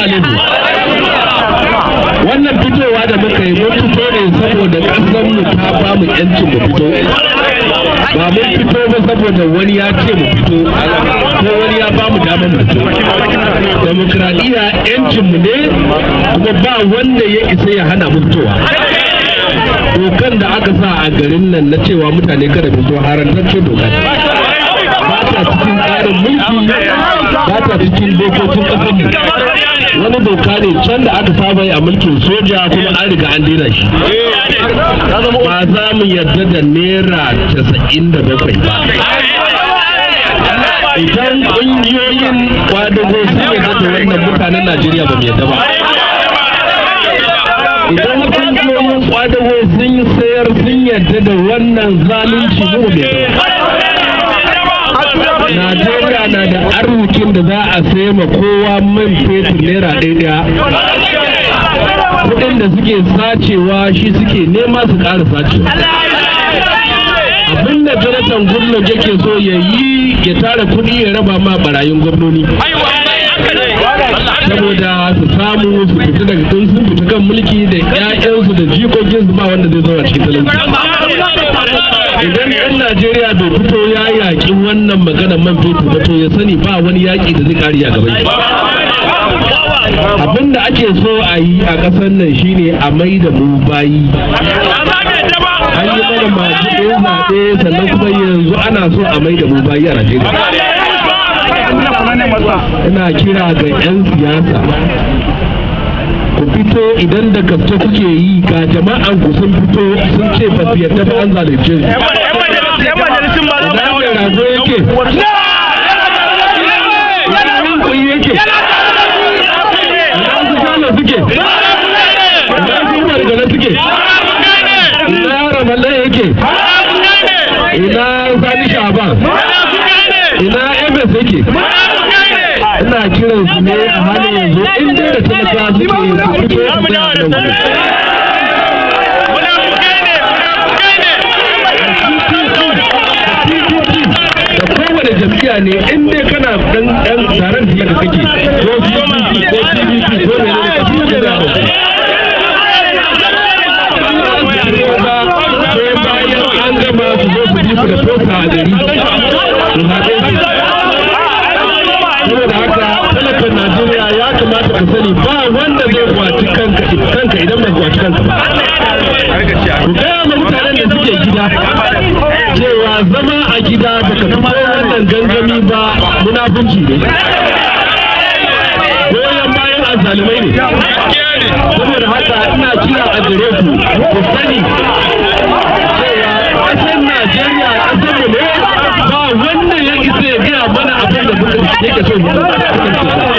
assalamu wannan fitowa da muka yi mun fito ne saboda ƙasar mu ta ba mu yancin mu fito ba mun fito ba saboda wani ya ce mu fito ko wani ya ba mu damar mu fito demokradiyya yancin mu ne kuma ba wanda ya isa ya hana mu fitowa dokan da aka sa a garin nan na cewa mutane kada fito harantaccen doka ta cikin tsarin mulki ba ta cikin dokokin ƙasar mu wani doka ne can da aka saba yi a mulkin soja kuma an riga an daina shi ba za mu yarda da naira casa'in da bakwai ba idan ƙungiyoyin kwadago sun yarda da wannan mutanen najeriya ba mu yarda ba idan ƙungiyoyin kwadago sun yi sayar sun yarda da wannan zalunci mu bai yarda ba najeriya na da arzikin da za a sai ma kowa man fetur naira ɗaya Kuɗin da suke sacewa shi suke nema su ƙara sacewa abin da jonathan goodluck yake so ya yi ya tara kuɗi ya raba ma barayin gwamnoni saboda su samu su fita daga sun sun fita kan mulki da 'ya'yansu da jikokinsu ba wanda zai zama cikin talauci Najeriya bai fito ya yaƙi wannan maganar man fetur ba to ya sani ba wani yaƙi da zai kariya gaba abin da ake so a yi a ƙasar nan shine a mai da mu bayi an yi mana masu ɗaya zaɓe sannan kuma yanzu ana so a mai da mu bayi a Najeriya ina kira ga 'yan siyasa ku fito idan da gaske kuke yi ga jama'an ku sun fito sun ce fafiyar su an zalunce yazo yake yake suke yake ina sani shaban ina ms yake ina kiran su ne a halin yanzu inda da talaka suke su fito da ne in dai kana dan dan taron da kake ko PDP ko PDP ko ne ne ka fiye da an gama su ko ko ji a saboda haka ka sani ba wanda zai kwaci kanka kanka idan kwaci kanka ba. Gaya ma mutanen da suke gida cewa zama a gida da fi wannan gangan zalunci ne goyon bayan azzalumai ne saboda haka ina kira a gare ku ku sani cewa ƙasar Najeriya ƙasar ne ba wannan ya isa ya gaya mana abin da yake so mu